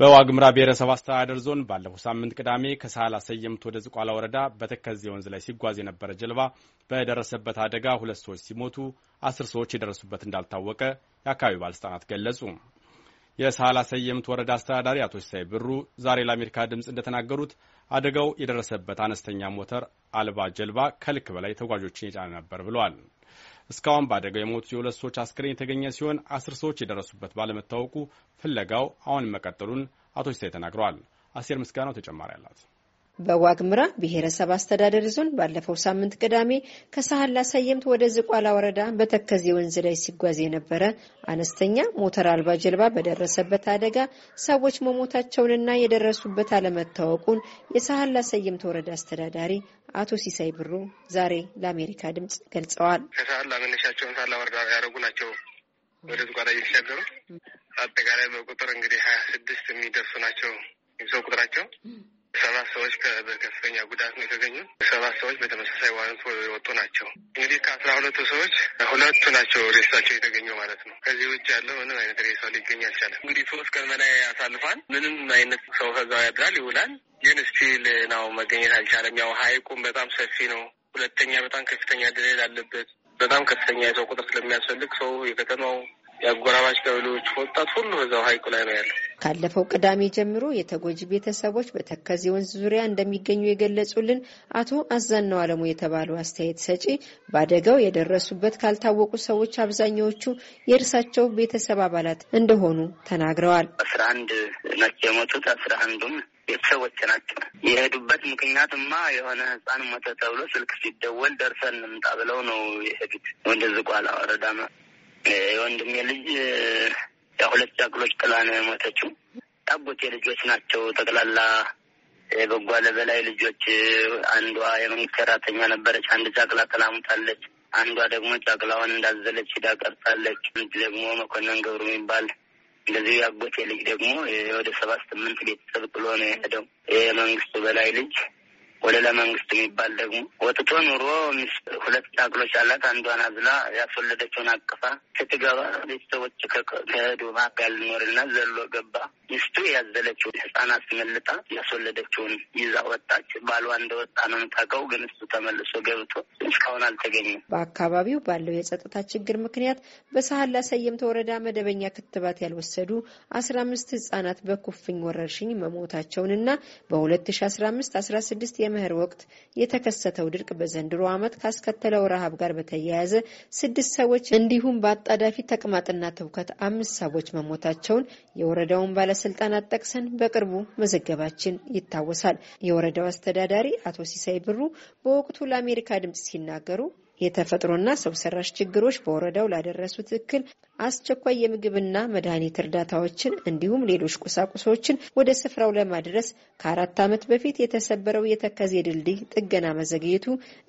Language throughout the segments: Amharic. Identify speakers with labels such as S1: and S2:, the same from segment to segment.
S1: በዋግምራ ብሔረሰብ አስተዳደር ዞን ባለፈው ሳምንት ቅዳሜ ከሳህላ ሰየምት ወደ ዝቋላ ወረዳ በተከዜ ወንዝ ላይ ሲጓዝ የነበረ ጀልባ በደረሰበት አደጋ ሁለት ሰዎች ሲሞቱ አስር ሰዎች የደረሱበት እንዳልታወቀ የአካባቢው ባለስልጣናት ገለጹ። የሳህላ ሰየምት ወረዳ አስተዳዳሪ አቶ ሲሳይ ብሩ ዛሬ ለአሜሪካ ድምፅ እንደተናገሩት አደጋው የደረሰበት አነስተኛ ሞተር አልባ ጀልባ ከልክ በላይ ተጓዦችን የጫነ ነበር ብለዋል። እስካሁን ባደገው የሞቱ የሁለት ሰዎች አስክሬን የተገኘ ሲሆን አስር ሰዎች የደረሱበት ባለመታወቁ ፍለጋው አሁን መቀጠሉን አቶ ሲሳይ ተናግረዋል። አሴር ምስጋናው ተጨማሪ አላት።
S2: በዋግምራ ብሔረሰብ አስተዳደር ዞን ባለፈው ሳምንት ቅዳሜ ከሳህላ ሰየምት ወደ ዝቋላ ወረዳ በተከዜ ወንዝ ላይ ሲጓዝ የነበረ አነስተኛ ሞተር አልባ ጀልባ በደረሰበት አደጋ ሰዎች መሞታቸውንና የደረሱበት አለመታወቁን የሳህላ ሰየምት ወረዳ አስተዳዳሪ አቶ ሲሳይ ብሩ ዛሬ ለአሜሪካ ድምጽ ገልጸዋል። ከሳህላ መነሻቸውን
S1: ሳህላ ወረዳ ያደረጉ ናቸው ወደ ዝቋላ እየተሻገሩ አጠቃላይ በቁጥር እንግዲህ ሀያ ስድስት የሚደርሱ ናቸው የሰው ቁጥራቸው ሰዎች በከፍተኛ ጉዳት ነው የተገኙ። ሰባት ሰዎች በተመሳሳይ ዋረንት የወጡ ናቸው። እንግዲህ ከአስራ ሁለቱ ሰዎች ሁለቱ ናቸው ሬሳቸው የተገኘ ማለት ነው። ከዚህ ውጭ ያለው ምንም አይነት ሬሳ ሊገኝ አልቻለም። እንግዲህ ሶስት ቀን ያሳልፋል። ምንም አይነት ሰው ከዛው ያድራል ይውላል። ግን ስቲል ናው መገኘት አልቻለም። ያው ሀይቁም በጣም ሰፊ ነው። ሁለተኛ በጣም ከፍተኛ ድሬል አለበት። በጣም ከፍተኛ የሰው ቁጥር
S2: ስለሚያስፈልግ ሰው የከተማው የአጎራባች ቀበሌዎች ወጣት ሁሉ በዛው ሀይቁ ላይ ነው ያለው። ካለፈው ቅዳሜ ጀምሮ የተጎጂ ቤተሰቦች በተከዜ ወንዝ ዙሪያ እንደሚገኙ የገለጹልን አቶ አዛናው አለሙ የተባሉ አስተያየት ሰጪ በአደጋው የደረሱበት ካልታወቁ ሰዎች አብዛኛዎቹ የእርሳቸው ቤተሰብ አባላት እንደሆኑ ተናግረዋል።
S3: አስራ አንድ ናቸው የሞቱት። አስራ አንዱም ቤተሰቦች ናቸው። የሄዱበት ምክንያትማ የሆነ ህፃን ሞተ ተብሎ ስልክ ሲደወል ደርሰን እንምጣ ብለው ነው የሄዱት ወደ ዝቋላ ወረዳ የወንድሜ ልጅ ሁለት ጫቅሎች ነው የሞተችው ያጎቴ ልጆች ናቸው ጠቅላላ የበጓለ በላይ ልጆች። አንዷ የመንግስት ሰራተኛ ነበረች። አንድ ጫቅላ ጥላ አንዷ ደግሞ ጫቅላዋን እንዳዘለች ሂዳ ቀርታለች። ደግሞ መኮንን ገብሩ የሚባል እንደዚህ አጎቴ ልጅ ደግሞ ወደ ሰባ ስምንት ቤተሰብ ጥሎ ነው የሄደው። የመንግስቱ በላይ ልጅ ወለላ መንግስት የሚባል ደግሞ ወጥቶ ኑሮ ሁለት አቅሎች አላት። አንዷን አዝላ ያስወለደችውን አቅፋ ስትገባ ቤተሰቦች ከሄዱ መካከል ኖርና ዘሎ ገባ። ሚስቱ ያዘለችውን ህፃናት አስመልጣ ያስወለደችውን ይዛ ወጣች። ባሏ እንደወጣ ነው የምታውቀው። ግን እሱ ተመልሶ ገብቶ እስካሁን አልተገኘም።
S2: በአካባቢው ባለው የጸጥታ ችግር ምክንያት በሳህላ ሰየምተ ወረዳ መደበኛ ክትባት ያልወሰዱ አስራ አምስት ህጻናት በኩፍኝ ወረርሽኝ መሞታቸውንና በ2015 16 የምህር ወቅት የተከሰተው ድርቅ በዘንድሮ ዓመት ካስከተለው ረሃብ ጋር በተያያዘ ስድስት ሰዎች እንዲሁም በአጣዳፊ ተቅማጥና ትውከት አምስት ሰዎች መሞታቸውን የወረዳውን ባለስልጣናት ጠቅሰን በቅርቡ መዘገባችን ይታወሳል። የወረዳው አስተዳዳሪ አቶ ሲሳይ ብሩ በወቅቱ ለአሜሪካ ድምጽ ሲናገሩ የተፈጥሮና ሰው ሰራሽ ችግሮች በወረዳው ላደረሱት እክል አስቸኳይ የምግብና መድኃኒት እርዳታዎችን እንዲሁም ሌሎች ቁሳቁሶችን ወደ ስፍራው ለማድረስ ከአራት ዓመት በፊት የተሰበረው የተከዜ ድልድይ ጥገና መዘግየቱ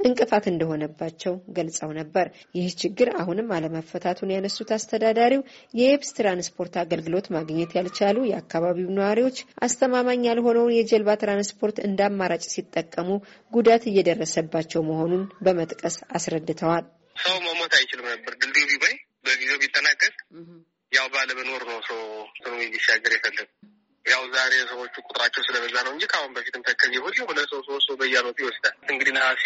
S2: እንቅፋት እንደሆነባቸው ገልጸው ነበር። ይህ ችግር አሁንም አለመፈታቱን ያነሱት አስተዳዳሪው የየብስ ትራንስፖርት አገልግሎት ማግኘት ያልቻሉ የአካባቢው ነዋሪዎች አስተማማኝ ያልሆነውን የጀልባ ትራንስፖርት እንደ አማራጭ ሲጠቀሙ ጉዳት እየደረሰባቸው መሆኑን በመጥቀስ አስረድተዋል።
S3: ሰው
S1: መሞት አይችልም ነበር ድልድዩ ያው ባለመኖር ነው ሰው ሰው እንዲሻገር የፈለግ ያው ዛሬ ሰዎቹ ቁጥራቸው ስለበዛ ነው እንጂ ከአሁን በፊትም ተከዚ ሁሉ ሁለት ሰው ሶስት ሰው በየአመቱ ይወስዳል። እንግዲህ ነሐሴ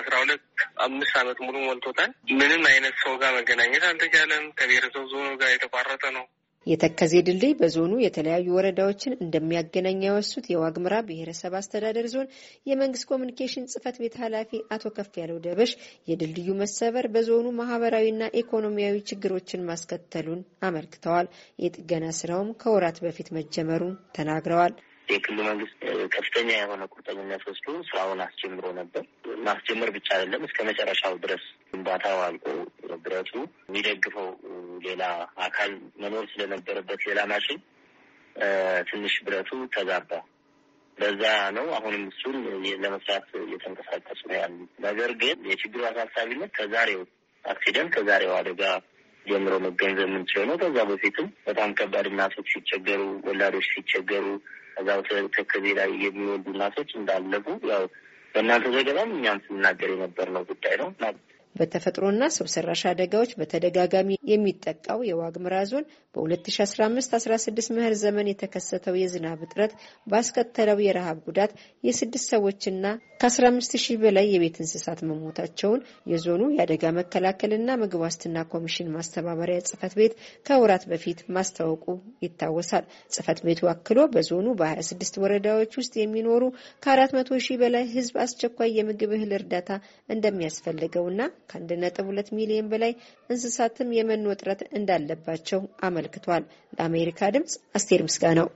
S1: አስራ ሁለት አምስት አመት ሙሉ ሞልቶታል። ምንም አይነት ሰው ጋር መገናኘት
S3: አልተቻለም። ከብሔረሰብ ዞኑ ጋር የተቋረጠ
S2: ነው። የተከዜ ድልድይ በዞኑ የተለያዩ ወረዳዎችን እንደሚያገናኝ ያወሱት የዋግምራ ብሔረሰብ አስተዳደር ዞን የመንግስት ኮሚኒኬሽን ጽህፈት ቤት ኃላፊ አቶ ከፍ ያለው ደበሽ የድልድዩ መሰበር በዞኑ ማህበራዊና ኢኮኖሚያዊ ችግሮችን ማስከተሉን አመልክተዋል። የጥገና ስራውም ከወራት በፊት መጀመሩን
S3: ተናግረዋል። የክልል መንግስት ከፍተኛ የሆነ ቁርጠኝነት ወስዶ ስራውን አስጀምሮ ነበር። ማስጀመር ብቻ አይደለም፣ እስከ መጨረሻው ድረስ ግንባታው አልቆ ብረቱ የሚደግፈው ሌላ አካል መኖር ስለነበረበት ሌላ ማሽን ትንሽ ብረቱ ተዛባ። በዛ ነው አሁንም እሱን ለመስራት እየተንቀሳቀሱ ነው ያሉ። ነገር ግን የችግሩ አሳሳቢነት ከዛሬው አክሲደንት ከዛሬው አደጋ ጀምሮ መገንዘብ የምንችለው ነው። ከዛ በፊትም በጣም ከባድ እናቶች ሲቸገሩ፣ ወላዶች ሲቸገሩ ከዛ ተከዜ ላይ የሚወዱ እናቶች እንዳለፉ ያው በእናንተ ዘገባም እኛም ስንናገር የነበር ነው ጉዳይ ነው።
S2: በተፈጥሮና ሰው ሰራሽ አደጋዎች በተደጋጋሚ የሚጠቃው የዋግምራ ዞን በ2015/16 ዘመን የተከሰተው የዝናብ እጥረት ባስከተለው የረሃብ ጉዳት የስድስት ሰዎችና ከ15000 በላይ የቤት እንስሳት መሞታቸውን የዞኑ የአደጋ መከላከልና ምግብ ዋስትና ኮሚሽን ማስተባበሪያ ጽህፈት ቤት ከወራት በፊት ማስታወቁ ይታወሳል። ጽህፈት ቤቱ አክሎ በዞኑ በ26 ወረዳዎች ውስጥ የሚኖሩ ከ400 ሺህ በላይ ህዝብ አስቸኳይ የምግብ እህል እርዳታ እንደሚያስፈልገውና ከ1.2 ሚሊዮን በላይ እንስሳትም የመኖ እጥረት እንዳለባቸው አመልክቷል። ለአሜሪካ ድምጽ አስቴር ነው።